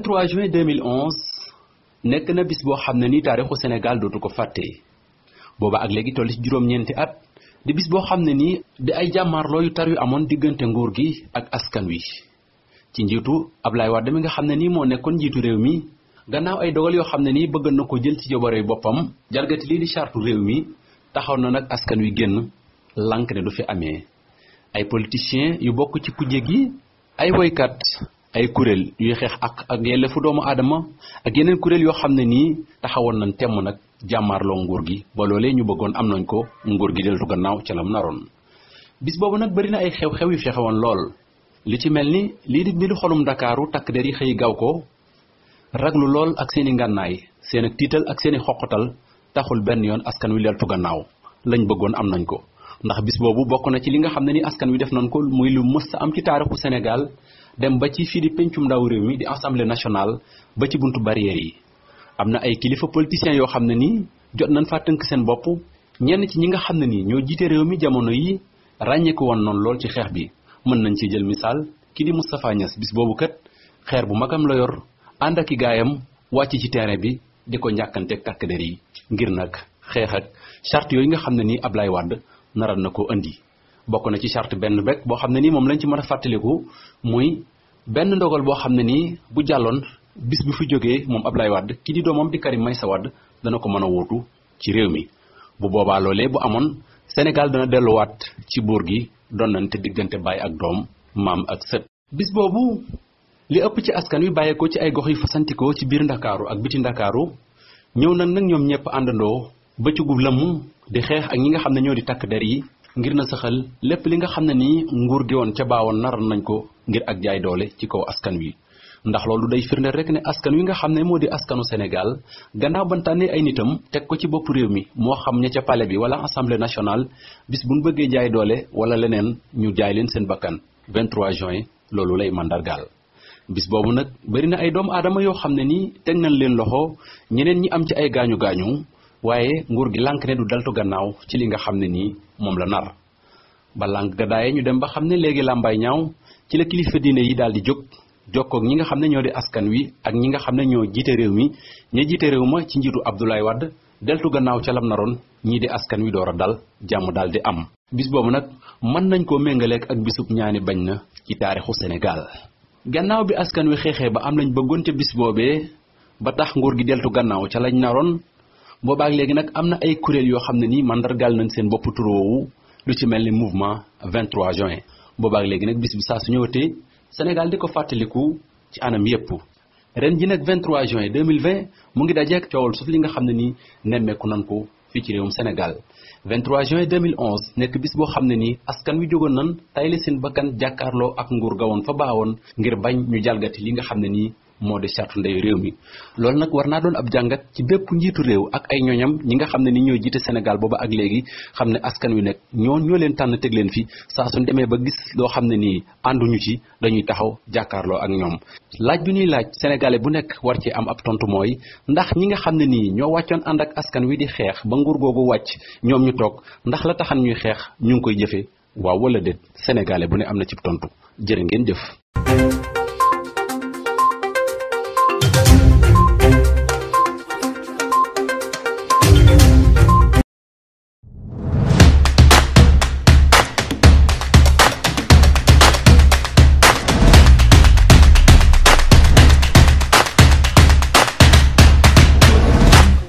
23 juin 2011 nekk na bis boo xam ne ni taarixu Sénégal dootu ko fàtte booba ak léegi toll ci juróom-ñeenti at di bis boo xam ne nii di ay jàmmaarloo yu tar yu amoon diggante nguur gi ak askan wi ci njiitu ab wax dem mi nga xam ne nii moo nekkoon njiitu réew mi gannaaw ay dogal yoo xam ne nii bëgg na ko jël ci jobaree boppam jalgati lii di chartu réew mi taxaw na nag askan wi génn lànk ne du fi amee ay politiciens yu bokk ci kujje gi ay woykat ay kuréel yuy xeex ak ak yelleefu doomu aadama ak yeneen kuréel yoo xam ne nii taxawoon nañ temm nag jàmmaarloo nguur gi ba loolee ñu bëggoon am nañ ko nguur gi deltu gannaaw ca lam naroon. bis boobu nag bari na ay xew-xew yu fi lool li ci mel ni lii di mbiru xolum Ndakaaru takk der yi xëy gaaw ko raglu lool ak seeni i ngànnaay seen ak tiital ak seeni i taxul benn yoon askan wi deltu gannaaw lañ bëggoon am nañu ko. ndax bis boobu bokk na ci li nga xam ne ni askan wi def nañ ko muy lu mës a am ci taarixu Sénégal dem ba ci fii di pencum ndaw réew mi di assemblée nationale ba ci buntu barrière yi am na ay kilifa politiciens yoo xam ne ni jot nañ faa tënk seen bopp ñenn ci ñi nga xam ne ni ñoo jiite réew mi jamono yi ràññeeku woon noonu lool ci xeex bi mën nañ ci jël misaal ki di Moustapha bis boobu kat xeer bu magam la yor ànd ak i gaayam wàcc ci terrain bi di ko njàkkanteeg takk der yi ngir nag xeex ak charte yooyu nga xam ne ni Ablaye Wade naral na ko indi bokk na ci charte benn bekk boo xam ne nii moom lañ ci mën a fàttaliku muy benn ndogal boo xam ne nii bu jàlloon bis bu fi jógee moom ab Ablaye Wade ki di doomam di Karim Meïssa wadd dana ko mën a wóotu ci réew mi bu boobaa loolee bu amoon Sénégal dana delluwaat ci buur gi donnante diggante baay ak doom maam ak sët bis boobu li ëpp ci askan wi bàyyeekoo ci ay gox yu fasantikoo ci biir ndakaaru ak biti ndakaaru ñëw nañ nag ñoom ñëpp àndandoo bëccëgu lëmm di xeex ak ñi nga xam ne ñoo di takk der yi ngir na saxal lépp li nga xam ne nii nguur gi woon ca baawoon naroon nañ ko ngir ak jaay doole ci kaw askan wi ndax loolu day firndeel rek ne askan wi nga xam ne moo di askanu Sénégal gannaaw ban tànnee ay nitam teg ko ci bopp réew mi moo xam ña ca pale bi wala assemblée nationale bis bu ñu bëggee jaay doole wala leneen ñu jaay leen seen bakkan 23 juin loolu lay mandargaal. bis boobu nag bari na ay doomu aadama yoo xam ne nii teg nañ leen loxo ñeneen ñi am ci ay gaañu waaye nguur gi lànk ne du daltu gannaaw ci li nga xam ne nii moom la nar ba lànk ga daaye ñu dem ba xam ne léegi làmbaay ñaaw ci la kilifa diine yi daal di jóg jokkoog ñi nga xam ne ñoo di askan wi ak ñi nga xam ne ñoo jiite réew mi ña jiite réew ma ci njiitu Abdoulaye Wade deltu gannaaw ca lam naroon ñii di askan wi door a dal jàmm daal di am. bis boobu nag mën nañ koo méngaleek ak bisub ñaani bañ na ci taarixu Sénégal. gannaaw bi askan wi xeexee ba am lañ bëggoon ca bis boobee ba tax nguur gi deltu gannaaw ca lañ naroon boobaak léegi nag am na ay kuréel yoo xam ne nii mandargaal nañ seen bopp turoowu lu ci mel ni mouvement 23 juin boobaak léegi nag bis bi saa su ñëwatee Sénégal di ko fàttaliku ci anam yépp ren ji nag 23 juin 2020 mu ngi dajeek coowal suuf li nga xam ne nii nemmeeku nan ko fii ci réewum Sénégal 23 juin 2011 nekk bis boo xam ne nii askan wi jógoon nan tayle seen bakkan jàkkaarloo ak nguur gawoon fa woon ngir bañ ñu jalgati li nga xam ne nii moo di sartu ndeyu réew mi loolu nag war naa doon ab jàngat ci bépp njiitu réew ak ay ñooñam ñi nga xam ne ni ñoo jiite Sénégal booba ak léegi xam ne askan wi nag ñoo ñoo leen tànn teg leen fi saa demee ba gis loo xam ne nii ànduñu ci dañuy taxaw jàkkaarloo ak ñoom laaj bi ñuy laaj sénégalais bu nekk war ci am ab tontu mooy ndax ñi nga xam ne nii ñoo wàccoon ànd ak askan wi di xeex ba nguur googu wàcc ñoom ñu toog ndax la taxan ñuy xeex ñu ngi koy jëfe waaw wala déet sénégalais bu ne am na ci tontu jërë ngeen jëf